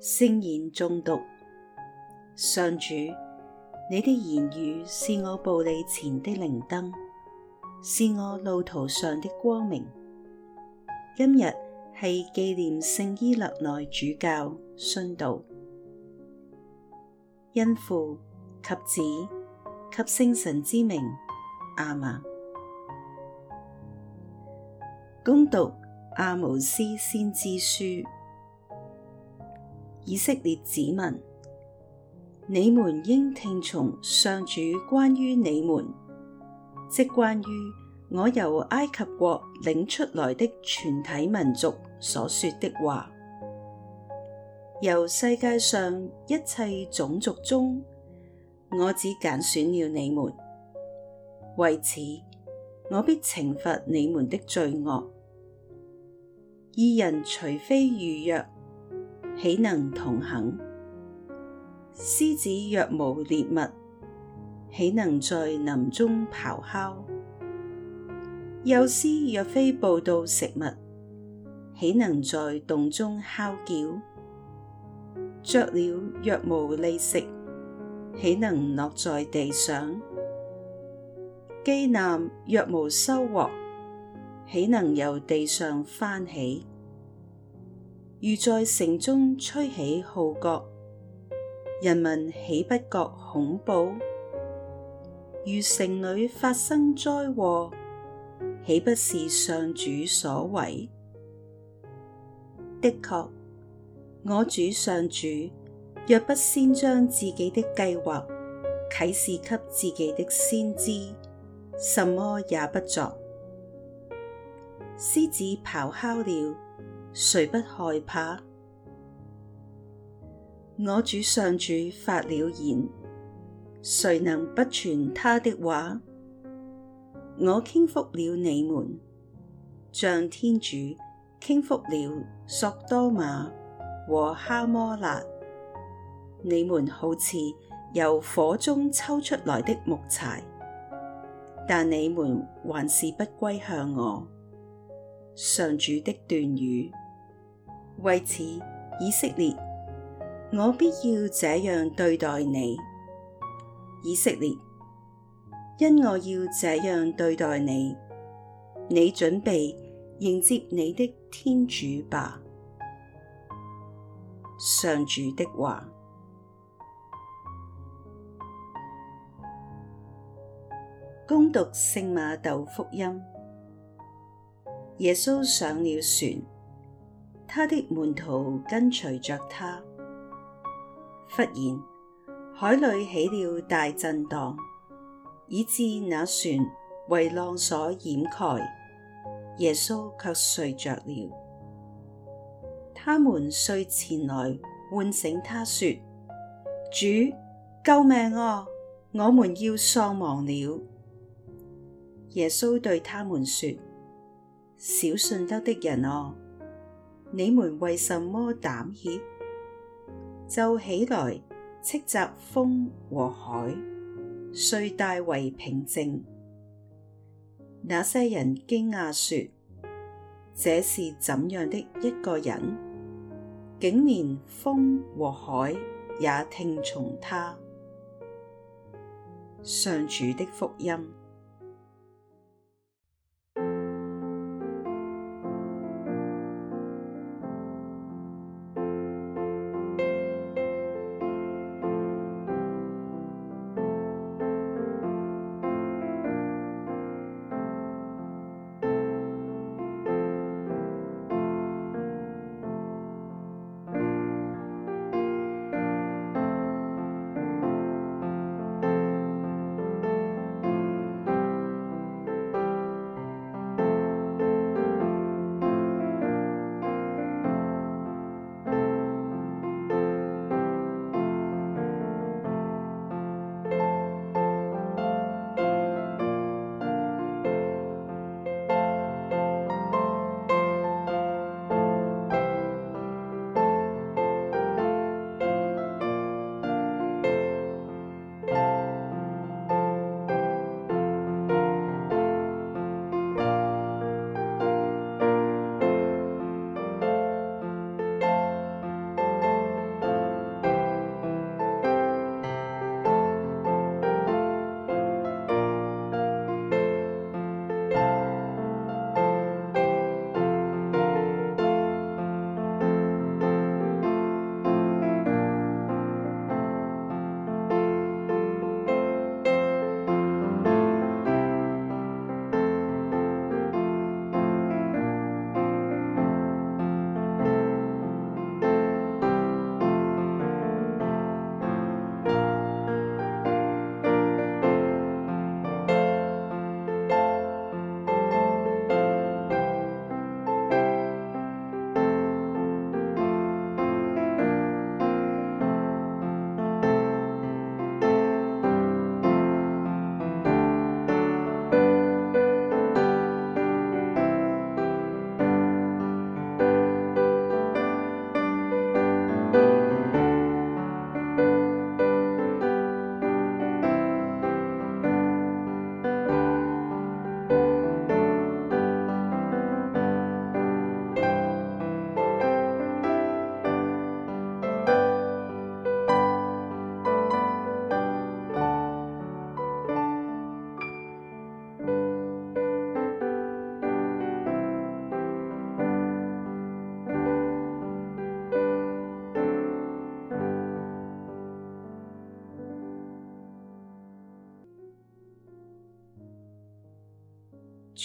聖言誦讀。上主，你的言語是我步履前的靈燈，是我路途上的光明。今日係紀念聖依勒內主教殉道，因父及子及聖神之名，阿瑪。恭讀《亞毛斯先知書》。以色列子民，你們應聽從上主關於你們，即關於我由埃及國領出來的全體民族所說的話。由世界上一切種族中，我只揀選了你們。為此，我必懲罰你們的罪惡。二人除非預約，豈能同行？獅子若無獵物，豈能在林中咆哮？幼獅若非捕到食物，豈能在洞中吼叫？雀鳥若無餌食，豈能落在地上？機檻若無收穫，豈能由地上翻起？如在城中吹起號角，人民豈不覺恐怖？如城裏發生災禍，豈不是上主所為？的確，我主上主若不先將自己的計劃啟示給自己的先知，什麼也不作。獅子咆哮了。誰不害怕？我主上主發了言，誰能不傳他的話？我傾覆了你們，像天主傾覆了索多瑪和哈摩辣，你們好似由火中抽出來的木柴，但你們還是不歸向我。上主的斷語。為此，以色列，我必要這樣對待你，以色列，因我要這樣對待你，你準備迎接你的天主吧。上主的話。恭讀聖馬竇福音，耶穌上了船。他的門徒跟隨着他。忽然海裏起了大震盪，以致那船為浪所掩蓋。耶穌却睡着了。他們遂前來喚醒他，說：主救命哦、啊！我們要喪亡了。耶穌對他們說：小信德的人哦、啊！你們為什麼膽怯？就起來叱責風和海，遂大為平靜。那些人驚訝說：這是怎樣的一個人？竟連風和海也聽從他！上主的福音。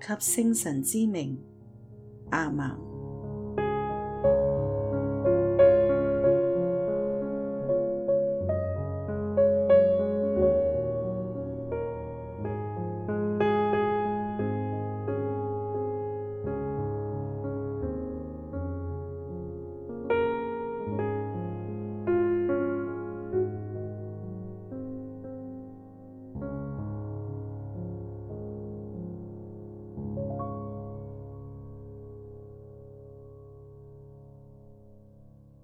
及聖神之名，亞孟。